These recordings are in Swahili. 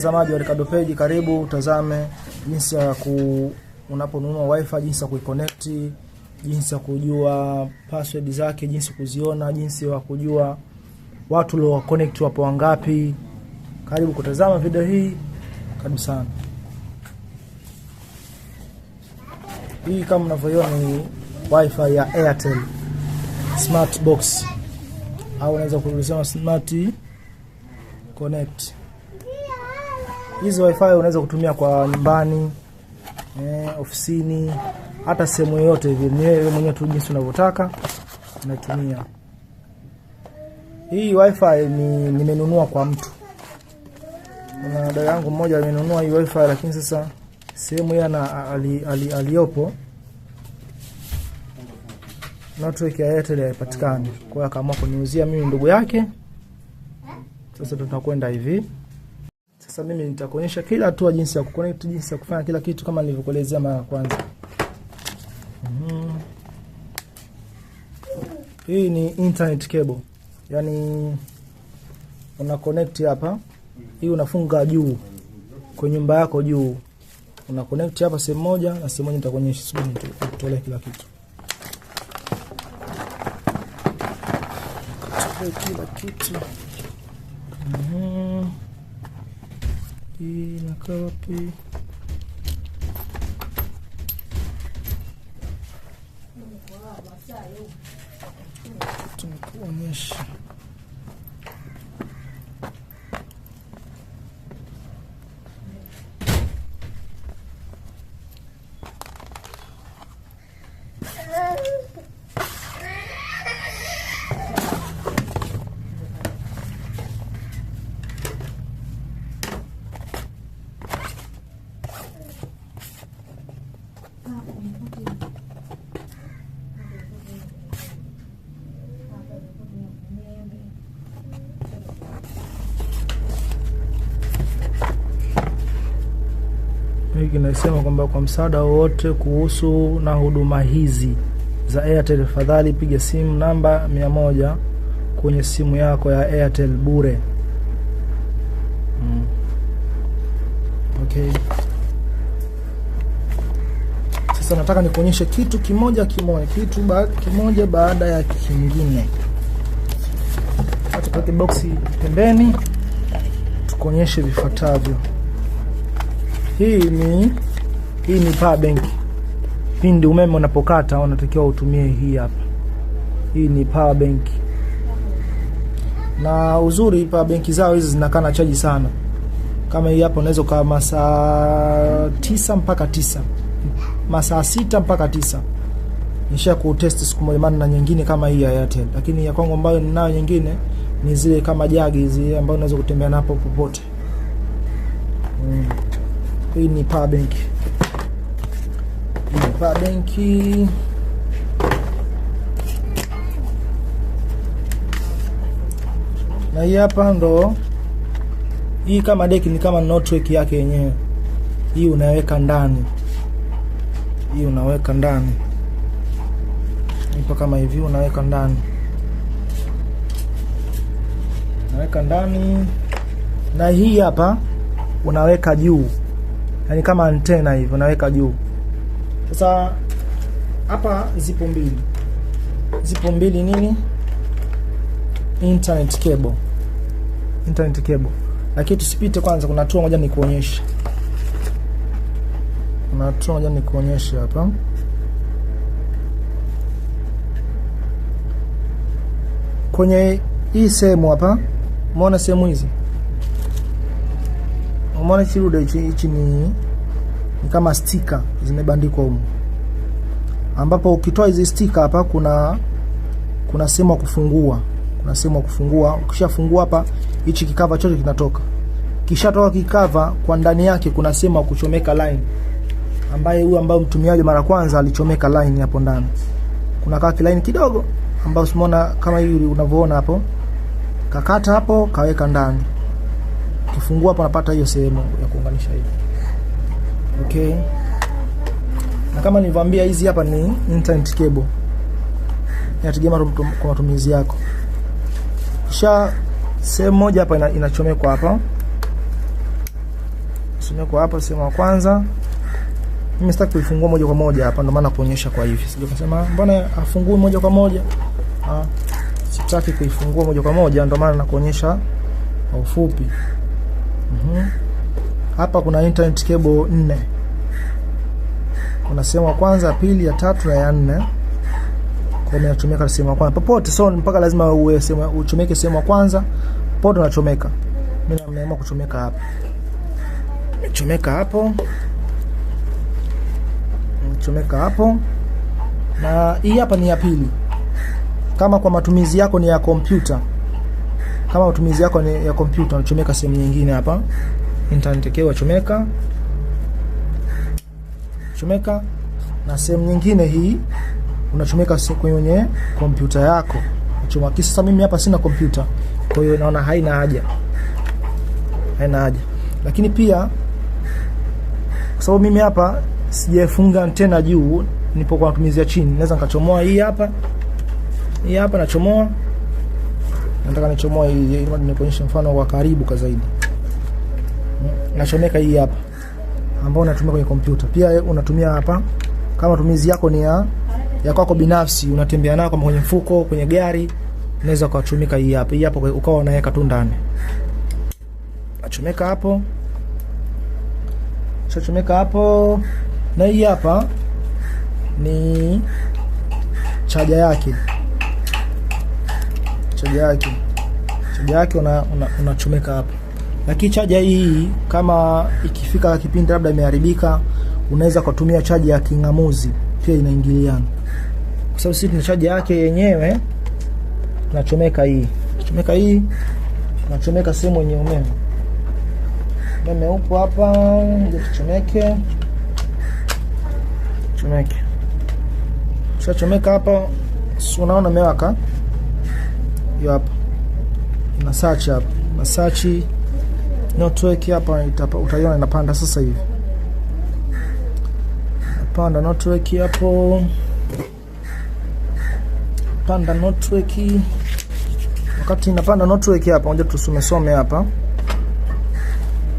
Mtazamaji wa Ricardo Page, karibu utazame jinsi ya ku unaponunua wifi, jinsi ya kuiconnect, jinsi ya kujua password zake, jinsi kuziona, jinsi ya kujua watu walio connect wapo wangapi. Karibu kutazama video hii, karibu sana. Hii kama mnavyoiona ni wifi ya Airtel Smart Box au unaweza kuuliza Smart Connect hizi wifi unaweza kutumia kwa nyumbani eh, ofisini hata sehemu yoyote hivi wewe mwenyewe tu jinsi unavyotaka unatumia hii wifi ni nimenunua kwa mtu na dada yangu mmoja amenunua hii wifi lakini sasa sehemu yeye ali, ali, aliyopo network ya Airtel haipatikani kwa hiyo akaamua kuniuzia mimi ndugu yake sasa tutakwenda hivi sasa mimi nitakuonyesha kila hatua jinsi ya kuconnect, jinsi ya kufanya kila kitu kama nilivyokuelezea mara ya kwanza. Mm-hmm. Hii ni internet cable. Yaani una connect hapa. Hii unafunga juu kwa nyumba yako juu. Una connect hapa sehemu moja na sehemu moja nitakuonyesha sasa nitakutoa kila kitu. Kila kitu. Mm-hmm. Hii inakaa wapi? Tunakuonyesha amesema kwamba kwa msaada wowote kuhusu na huduma hizi za Airtel, fadhali piga simu namba 100 kwenye simu yako ya Airtel bure. Mm. Okay. Sasa nataka nikuonyeshe kitu kimoja kimoja, kitu ba kimoja baada ya kingine. Tuweke boksi pembeni, tukuonyeshe vifuatavyo. Hii ni hii ni power bank. Pindi umeme unapokata unatakiwa utumie hii hapa. Hii ni power bank. Na uzuri power bank zao hizi zinakaa na chaji sana. Kama hii hapa unaweza kama masaa tisa mpaka tisa. Masaa sita mpaka tisa. Nisha test siku moja maana na nyingine kama hii ya Airtel. Lakini ya kwangu ambayo ninayo nyingine ni zile kama jagi zile ambazo unaweza kutembea napo popote. Mm. Hii ni power bank. Hii ni power bank. Na hii hapa ndo hii kama deki ni kama network yake yenyewe. Hii unaweka ndani. Hii unaweka ndani. Ipo kama hivi unaweka ndani. Unaweka ndani. Na hii hapa unaweka juu yani kama antena hivyo naweka juu. Sasa hapa zipo mbili, zipo mbili nini, internet cable, internet cable, lakini tusipite kwanza. Kuna hatua moja nikuonyeshe, kuna hatua moja nikuonyeshe hapa kwenye hii sehemu hapa, umeona sehemu hizi Umeona hichi rude hichi ni, ni kama stika zimebandikwa huko, ambapo ukitoa hizi stika hapa kuna kuna sehemu ya kufungua, kuna sehemu ya kufungua. Ukishafungua hapa, hichi kikava chote kinatoka. Kishatoka kikava, kwa ndani yake kuna sehemu ya kuchomeka line, ambaye huyu ambaye mtumiaji mara kwanza alichomeka line hapo ndani, kuna kaka line kidogo ambao umeona kama hivi unavyoona hapo, kakata hapo kaweka ndani. Ukifungua hapa napata hiyo sehemu ya kuunganisha hivi. Okay. Na kama nilivyoambia hizi hapa ni internet cable. Inategemea kwa matumizi yako. Kisha sehemu moja hapa inachomekwa hapa. Inachomekwa hapa sehemu ya kwanza. Mimi sitaki kuifungua moja kwa moja hapa ndio maana kuonyesha kwa hivi. Sije kusema mbona afungui moja kwa moja? Ah, sitaki kuifungua moja kwa moja ndio maana nakuonyesha kwa ufupi. Mhm. Hapa mm -hmm. kuna internet cable nne. Kuna sehemu ya kwanza, ya pili, ya tatu na ya nne. Kwa hiyo nachomeka sehemu ya kwanza popote, so mpaka lazima uwe sehemu uchomeke sehemu ya kwanza popote unachomeka. Mimi nimeamua kuchomeka hapa, nimechomeka hapo, nimechomeka hapo, na hii hapa ni ya pili, kama kwa matumizi yako ni ya kompyuta kama matumizi yako ni ya kompyuta, unachomeka sehemu nyingine hapa, internet yake chomeka chomeka, na sehemu nyingine hii unachomeka kwenye kompyuta yako unachoma Sasa mimi hapa sina kompyuta, kwa hiyo naona haina haja, haina haja. Lakini pia kwa sababu mimi hapa sijafunga antena juu, nipo kwa matumizi ya chini, naweza nikachomoa hii hapa, hii hapa nachomoa nataka nichomoe hii ili nikuonyeshe mfano wa karibu kwa zaidi. Hmm? Nachomeka hii hapa ambao unatumia kwenye kompyuta, pia unatumia hapa kama matumizi yako ni ya ya kwako binafsi, unatembea nayo kama kwenye mfuko, kwenye gari, unaweza kuchomeka hii hapa. Hii hapa ukawa unaweka tu ndani, nachomeka hapo, nachomeka hapo, na hii hapa ni chaja yake chaja yake chaja yake unachomeka una, una hapa, lakini chaja hii kama ikifika kipindi labda imeharibika, unaweza kutumia chaja ya king'amuzi pia inaingiliana, kwa sababu sisi tuna chaja yake yenyewe, tunachomeka hii tunachomeka hii tunachomeka sehemu yenye umeme umeme upo hapa, ndio tuchomeke chomeke, tushachomeka hapa, unaona mewaka hiyo hapa ina search hapa na search network hapa utaiona inapanda sasa hivi panda network hapo panda network wakati inapanda network hapa tusome tusomesome hapa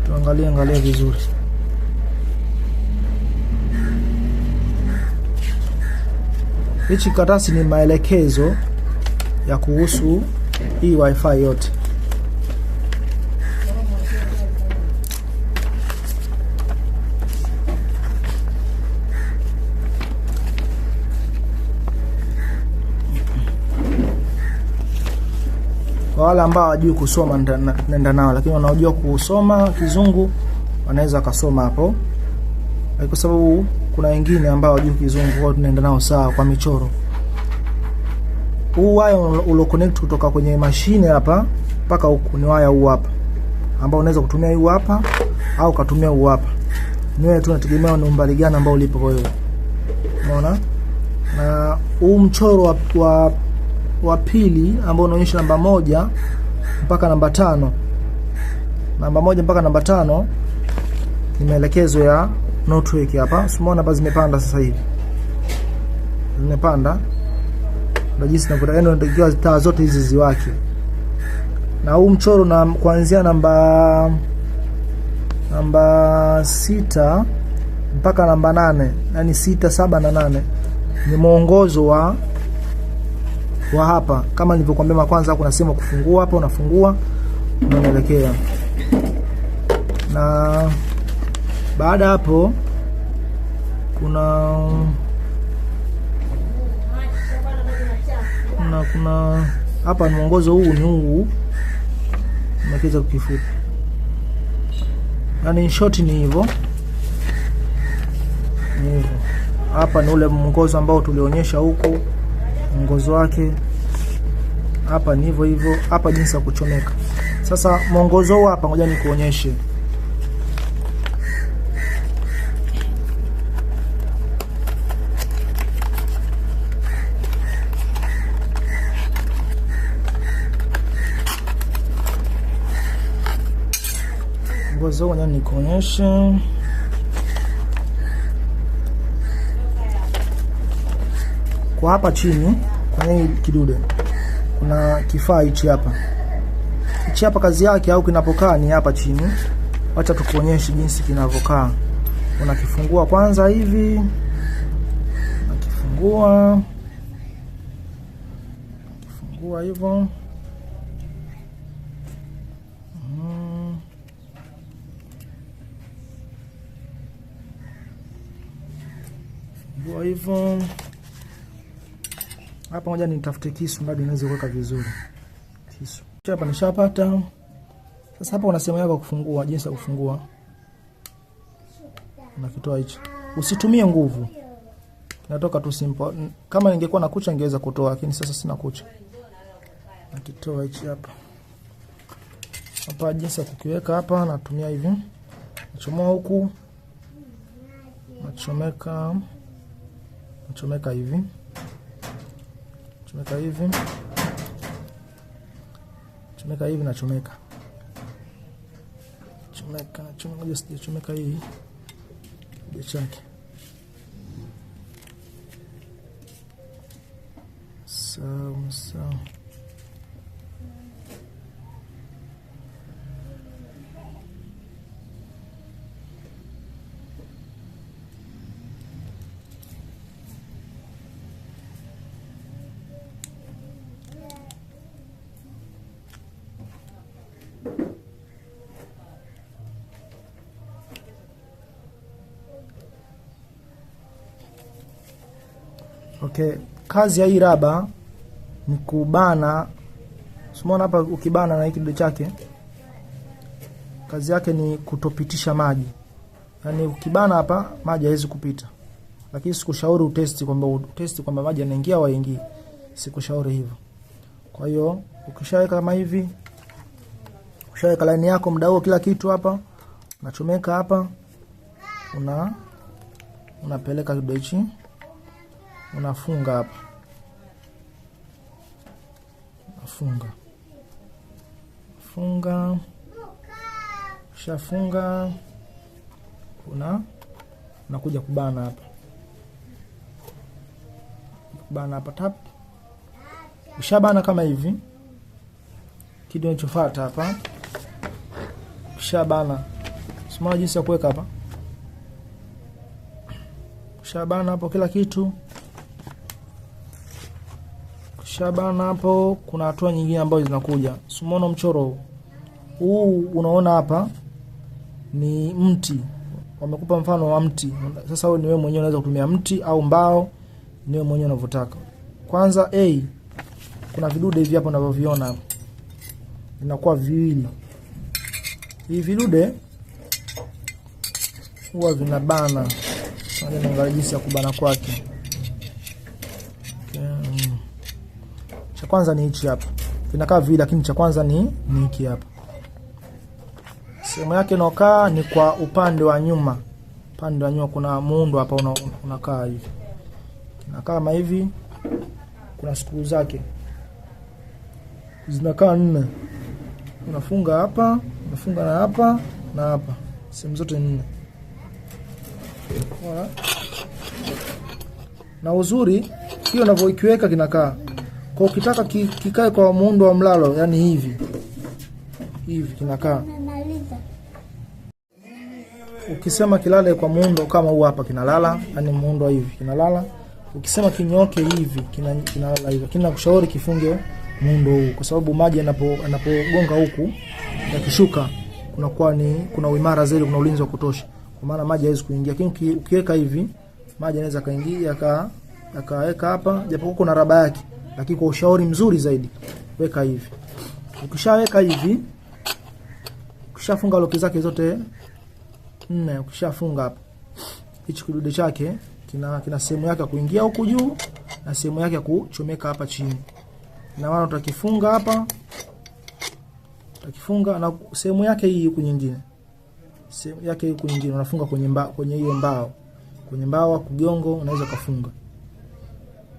tuangalie angalie vizuri hichi karatasi ni maelekezo ya kuhusu hii wifi yote. Kwa wale ambao hawajui kusoma nenda nao, lakini wanaojua kusoma Kizungu wanaweza kasoma hapo, kwa sababu kuna wengine ambao hawajui Kizungu, kwao tunaenda nao sawa kwa michoro huu waya ulioconnect kutoka kwenye mashine hapa mpaka huku ni waya huu hapa ambao unaweza kutumia huu hapa au ukatumia huu hapa. Ni wewe tu unategemea ni umbali gani ambao ulipo hiyo Unaona? Na huu mchoro wa, wa, wa pili ambao unaonyesha namba moja mpaka namba tano namba moja mpaka namba tano ni maelekezo ya network hapa. Simuona hapa zimepanda sasa hivi, zimepanda ndio jinsi ninavyotakiwa, yaani taa zote hizi ziwake. Na huu mchoro na kuanzia namba namba sita mpaka namba nane yani sita saba na nane ni mwongozo wa wa hapa, kama nilivyokuambia kwanza, kuna sehemu kufungua hapa, unafungua unaelekea, na baada hapo kuna kuna kuna hapa mwongozo huu ni huu nakiza kifupi, yaani in short ni hivyo ni hivyo. Hapa ni ule mwongozo ambao tulionyesha huko, mwongozo wake hapa ni hivyo hivyo, hapa jinsi ya kuchomeka. Sasa mwongozo huu hapa, ngoja nikuonyeshe. hizo ngoja nikuonyeshe. Kwa hapa chini kwenye kidude kuna kifaa hichi hapa. Hichi hapa kazi yake au kinapokaa ni hapa chini. Wacha tukuonyeshe jinsi kinavyokaa. Unakifungua kwanza hivi, unakifungua, unakifungua hivyo hivyo. Hapa moja nitafute kisu, bado naweza kuweka vizuri kisu. Hapa nishapata. Sasa hapa una sehemu yako kufungua, jinsi ya kufungua. Nakitoa hicho, usitumie nguvu, natoka tu simple. Kama ningekuwa na kucha ningeweza kutoa, lakini sasa sina kucha. Nakitoa hichi hapa hapa, jinsi ya kukiweka hapa, natumia hivi, nachomoa huku, nachomeka chomeka hivi, chomeka hivi, chomeka hivi na chomeka chomeka chomeka, just chomeka hii kidogo chake. Sawa sawa. Okay. kazi ya hii raba ni kubana. Simona hapa ukibana na hiki kidole chake, kazi yake ni kutopitisha maji, yaani ukibana hapa maji haiwezi kupita, lakini sikushauri utesti kwamba utesti kwamba maji yanaingia au yaingii. sikushauri hivyo. Kwa hiyo ukishaweka kama hivi, ushaweka laini yako, muda huo kila kitu hapa nachomeka hapa, una unapeleka kidole unafunga hapa, unafunga funga, ushafunga una unakuja kubana hapa, kubana hapa tap, ushabana kama hivi. Kitu kinachofuata hapa, ushabana simona jinsi ya kuweka hapa, ushabana hapo kila kitu. Kisha bana hapo kuna hatua nyingine ambazo zinakuja. Simono mchoro huu unaona hapa ni mti. Wamekupa mfano wa mti. Sasa wewe ni wewe mwenyewe unaweza kutumia mti au mbao, ni wewe mwenyewe unavyotaka. Kwanza A hey, kuna vidude hivi hapo unavyoviona. Vinakuwa viwili. Hivi vidude huwa vinabana. Ngoja jinsi ya kubana kwake. kwanza ni hichi hapa, vinakaa vile, lakini cha kwanza ni ni hiki hapa. Sehemu yake inaokaa ni kwa upande wa nyuma, upande wa nyuma kuna muundo hapa unakaa hivi, kinakaa kama hivi. Kuna skuru zake zinakaa nne, unafunga hapa, unafunga na hapa na hapa, sehemu zote nne. Na uzuri hiyo unavyoikiweka kinakaa kwa ukitaka kikae kwa muundo wa mlalo, yani hivi hivi kinakaa. Ukisema kilale kwa muundo kama huu hapa, kinalala yani muundo hivi kinalala. Ukisema kinyoke hivi, kinalala hivi, lakini nakushauri kifunge muundo huu, kwa sababu maji yanapogonga huku yakishuka, kunakuwa ni kuna uimara zaidi, kuna ulinzi wa kutosha, kwa maana maji hawezi kuingia. Lakini ukiweka hivi, maji yanaweza kaingia yakaweka hapa, japokuwa kuna raba yake lakini kwa ushauri mzuri zaidi, weka hivi. Ukishaweka hivi, ukishafunga loki zake zote nne, ukishafunga hapa, hichi kidude chake kina kina sehemu yake ya kuingia huku juu na sehemu yake ya kuchomeka hapa chini. Na maana utakifunga hapa, utakifunga na sehemu yake hii huku nyingine, sehemu yake huku nyingine unafunga kwenye mbao, kwenye hiyo mbao, kwenye mbao kugongo, unaweza kufunga.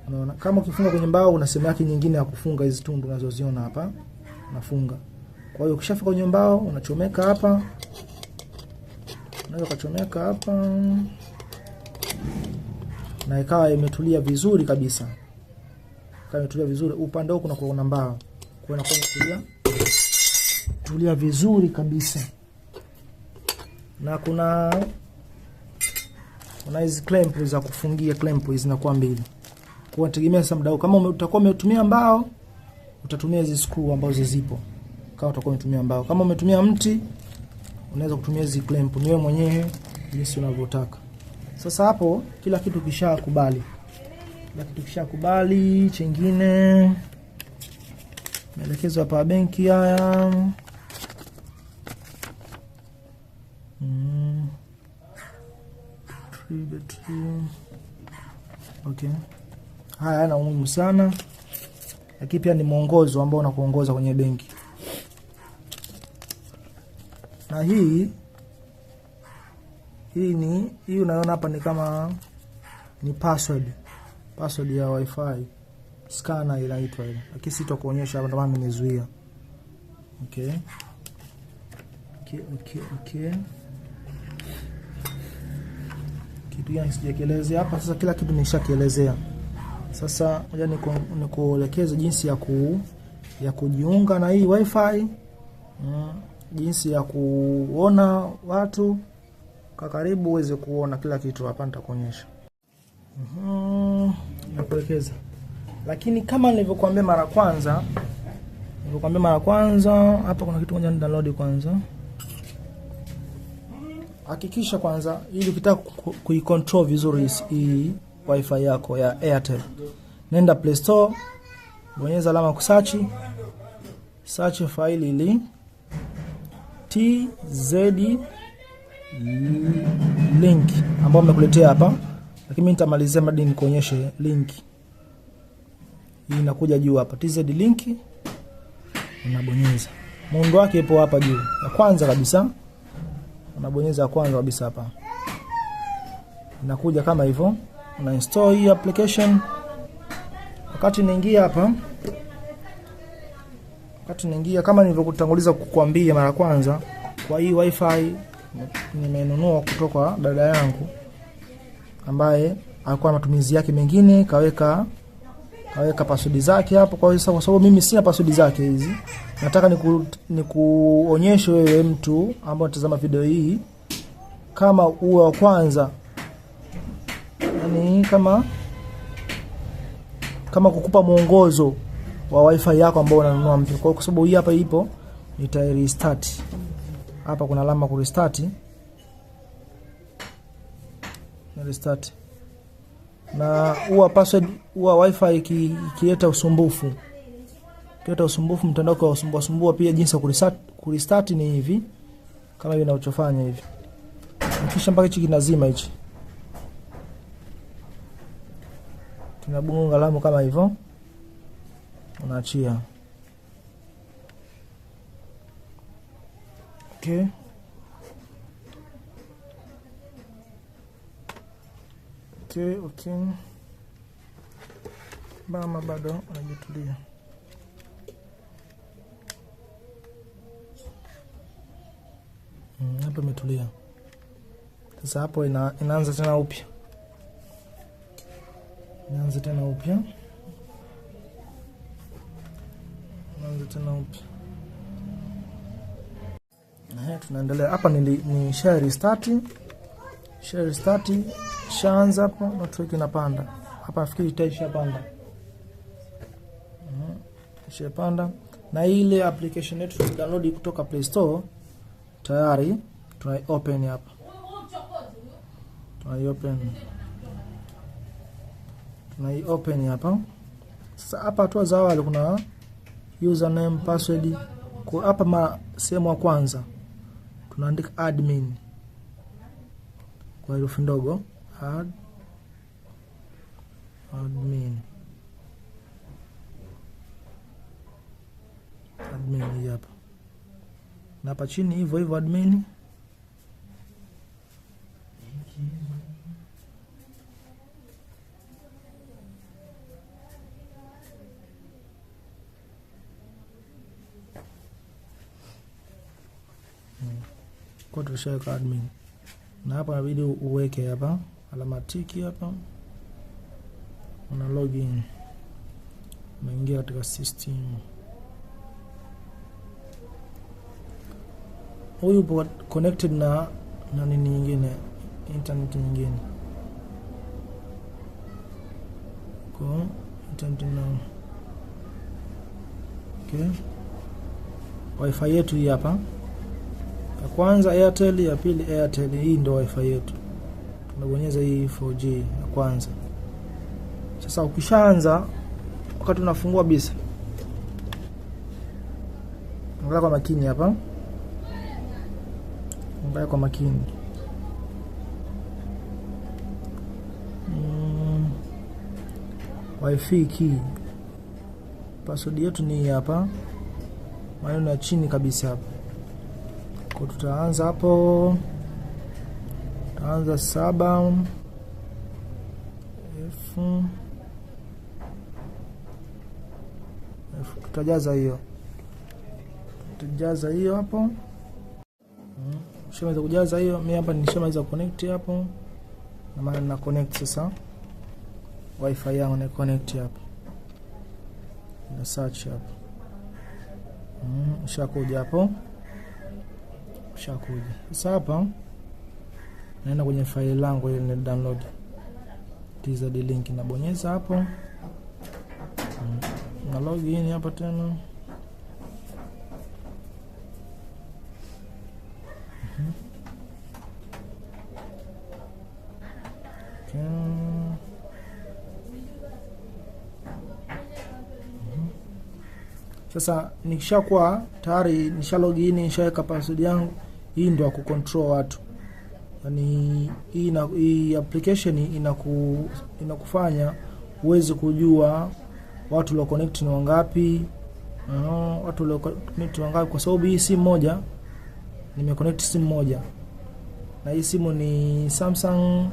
Unaona, kama ukifunga kwenye mbao una sehemu yake nyingine ya kufunga hizi tundu unazoziona hapa, unafunga. Kwa hiyo ukishafika kwenye mbao unachomeka hapa, unaweza kuchomeka hapa na ikawa imetulia vizuri kabisa, ikawa imetulia vizuri. Upande huko kuna kuna mbao, kwa inakuwa imetulia tulia vizuri kabisa, na kuna kuna hizi clamp za kufungia, clamp hizi zinakuwa mbili kuwategemea nategemea sasa mdau, kama utakuwa umetumia mbao utatumia hizi screw ambazo zipo. Kama utakuwa umetumia mbao, kama umetumia mti unaweza kutumia hizi clamp, ni wewe mwenyewe jinsi unavyotaka. Sasa hapo kila kitu kishakubali, kila kitu kishakubali. Chengine maelekezo ya benki haya mm. Okay haya yana umuhimu sana, lakini pia ni mwongozo ambao unakuongoza kwenye benki. Na hii hii ni hii unaona hapa ni kama ni password password ya wifi scanner inaitwa ile, lakini sitakuonyesha hapa, ndio nimezuia. Okay. Okay, okay, okay. Kitu gani sijakielezea hapa? Sasa kila kitu nishakielezea. Sasa ngoja nikuelekeze jinsi ya, ku, ya kujiunga na hii wifi mm, jinsi ya kuona watu kwa karibu uweze kuona kila kitu. Hapa nitakuonyesha mm-hmm, nakuelekeza, lakini kama nilivyokuambia mara kwanza, nilivyokuambia mara kwanza, hapa kuna kitu moja ni download kwanza. Hakikisha kwanza, ili ukitaka kuicontrol vizuri hii wifi yako ya Airtel. Nenda Play Store, bonyeza alama kusachi, search file ili TZ link ambao mmekuletea hapa, lakini mimi nitamalizia mradi nikuonyeshe link hii inakuja juu hapa, TZ link unabonyeza. Muundo wake ipo hapa juu, ya kwanza kabisa unabonyeza ya kwanza kabisa hapa, inakuja kama hivyo una install hii application. Wakati naingia hapa, wakati naingia, kama nilivyokutanguliza kukuambia mara kwanza, kwa hii wifi nimenunua kutoka dada yangu ambaye alikuwa na matumizi yake mengine, kaweka kaweka pasodi zake hapo. Kwa hiyo kwa sababu mimi sina password zake hizi, nataka niku, nikuonyeshe wewe mtu ambaye unatazama video hii kama uwe wa kwanza yani kama kama kukupa mwongozo wa wifi yako ambao unanunua mpya. Kwa kwa sababu hii hapa ipo nita restart. Hapa kuna alama ku restart. Na restart. Na huwa password huwa wifi ikileta usumbufu. kileta usumbufu mtandao kwa usumbua sumbua pia jinsi ya ku restart ni hivi kama hivi unachofanya hivi. Kisha mpaka hichi kinazima hichi. tunagonga alama kama hivyo, unaachia okay. Okay, okay. Mama bado unajitulia. Mm, hapo imetulia sasa, hapo ina, inaanza tena upya nianze tena upya, nianze tena upya. Haya, tunaendelea hapa. Ni share restart, share restart shaanza hapo, network inapanda hapa, nafikiri taisha panda, mhm, isha panda. Na ile application yetu download kutoka Play Store tayari, tunai open hapa, tunai open hii open hapa. Sasa hapa hatua za awali kuna username, password. Kwa hapa ma sehemu ya kwanza tunaandika admin kwa herufi ndogo ad, admin admin hapa, na hapa chini hivyo hivyo admin kwa tushaweka admin, na hapa inabidi uweke hapa alama tiki hapa, una login, unaingia katika system. Huyu upo connected na na nini nyingine, internet nyingine kwa internet na okay. Wifi yetu hii hapa ya kwanza Airtel, ya pili Airtel. Hii ndio wifi yetu, tunabonyeza hii 4G ya kwanza. Sasa ukishaanza, wakati unafungua bisa, angalia kwa makini hapa, angalia kwa makini mm. wifi key password yetu ni hii hapa, maneno ya chini kabisa hapa kwa tutaanza hapo, tutaanza saba elfu elfu, tutajaza hiyo tutajaza hiyo hapo. Hmm, nishamaliza kujaza hiyo, mimi hapa nishamaliza connect hapo, na maana na connect sasa wifi yangu na connect hapo, na search hapo, hmm, shakuja hapo. Shakuja. Sasa hapa naenda kwenye faili langu ile ni download tizard link, nabonyeza hapo mm, na login hapa tena mm-hmm. Mm-hmm. Sasa nikishakuwa tayari nisha login, nishaweka password yangu hii ndio ya watu yani, hii, na, hii application inaku, inakufanya uweze kujua watu walio connect ni wangapi uh, watu walio connect wangapi, kwa sababu hii simu moja nimeconnect simu moja na hii simu ni Samsung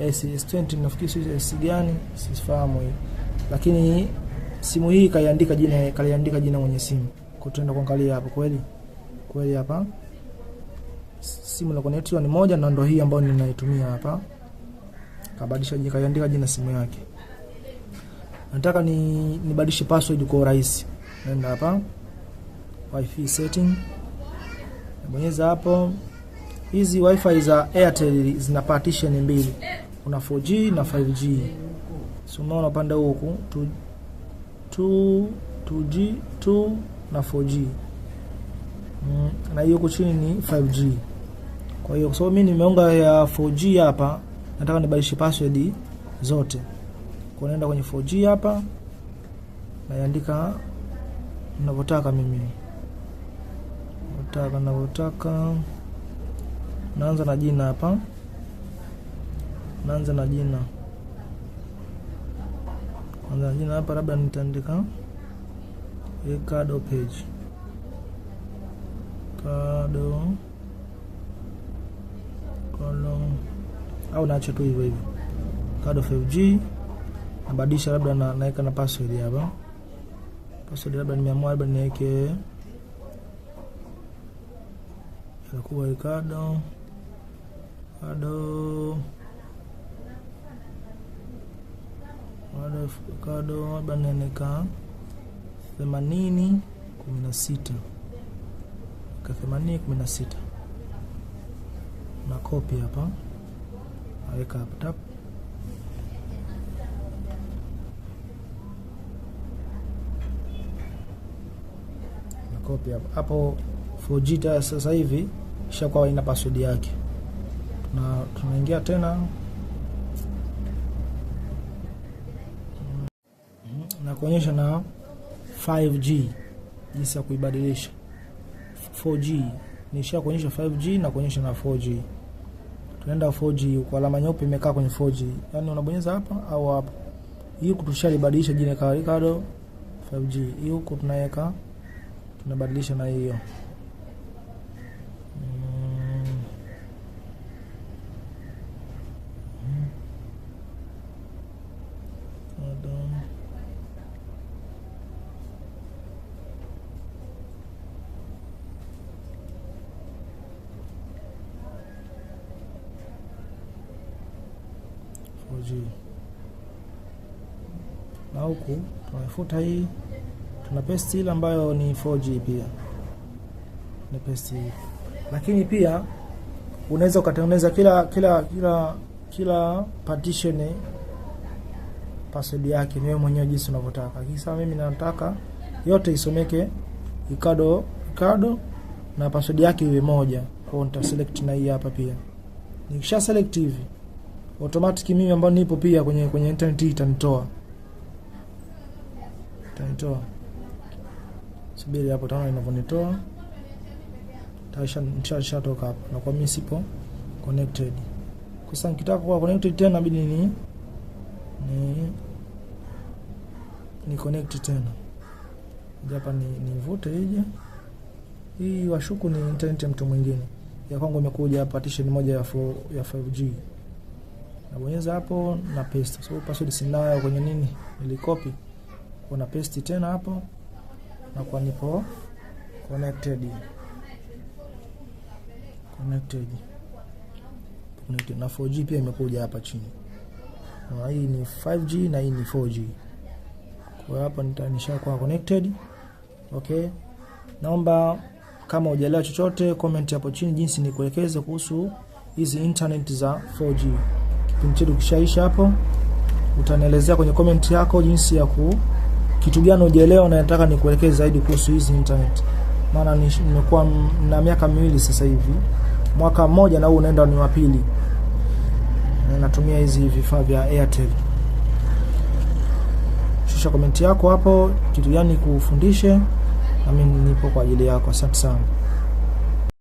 eh, S20 nafikiri, si gani sifahamu hii, lakini simu hii kaiandika jina, kaliandika jina mwenye simu, kwa tuenda kuangalia hapo kweli kweli hapa simu la Netriwa ni moja na ndo hii ambayo ninaitumia hapa. Kabadilisha, jina, kaandika jina simu yake. Nataka ni nibadilishe password kwa urahisi. Nenda hapa wifi setting, bonyeza hapo. Hizi wifi za Airtel zina partition mbili, kuna 4G na 5G. So unaona upande huku 2 2G 2 na 4G mm, na hiyo huku chini ni 5G. Kwa hiyo kwa sababu mimi nimeunga ya 4G hapa, nataka nibadilishe password zote. Kwa naenda kwenye 4G hapa, naandika ninavyotaka mimi, nataka ninavyotaka, naanza na jina hapa, naanza na jina Naanza na jina hapa, labda nitaandika Ricardo Page Ricardo Column au naacha tu hivyo hivyo card of FG, nabadilisha labda na, naweka na password hapa. Password labda nimeamua labda niweke itakuwa Ricardo Ricardo Ricardo labda niweka themanini kumi na sita ka themanini kumi na sita na copy hapa, naweka hapa tap na copy hapa hapo. 4G tayari sasa hivi ishakuwa ina password yake, na tunaingia tena na kuonyesha na 5G jinsi ya kuibadilisha 4G nishia kuonyesha 5G na kuonyesha na 4G. Tunaenda 4G kwa alama nyeupe imekaa kwenye 4G. Yaani unabonyeza hapa au hapa. Hii huku libadilisha jina kwa Ricardo 5G. Hii huko tunaweka tunabadilisha na hiyo. tunafuta hii, tuna paste ile ambayo ni 4G pia ni paste hii. Lakini pia unaweza ukatengeneza kila kila kila kila partition eh, password yake ni wewe mwenyewe jinsi unavyotaka. Kisa mimi nataka yote isomeke ikado ikado na password yake iwe moja. Kwa hiyo nita select na hii hapa pia. Nikisha select hivi automatic mimi ambao nipo pia kwenye kwenye internet hii itanitoa tanitoa Subiri hapo, taona inavyonitoa. Nishatoka hapo, na kwa mimi sipo connected. Sasa nikitaka kuwa connected tena inabidi ni ni ni connect tena. Hapa ni nivute ije. Hii washuku ni internet ya mtu mwingine. Ya kwangu imekuja partition moja ya 4, ya 5G. Nabonyeza hapo na paste. So password sinayo kwenye nini? Nilikopi una paste tena hapo na kwa nipo connected connected connected na 4G pia imekuja hapa chini na hii ni 5G na hii ni 4G kwa hapa nitanisha kwa connected okay naomba kama hujaelewa chochote comment hapo chini jinsi ni kuelekeza kuhusu hizi internet za 4G kipindi chetu kishaisha hapo utanielezea kwenye comment yako jinsi ya ku kitu gani hujaelewa na nataka nikuelekeze zaidi kuhusu hizi internet. Maana nimekuwa na miaka miwili sasa hivi, mwaka mmoja na huu unaenda ni wa pili natumia hizi vifaa vya Airtel. Shusha komenti yako hapo, kitu gani kufundishe, nami nipo kwa ajili yako. Asante sana.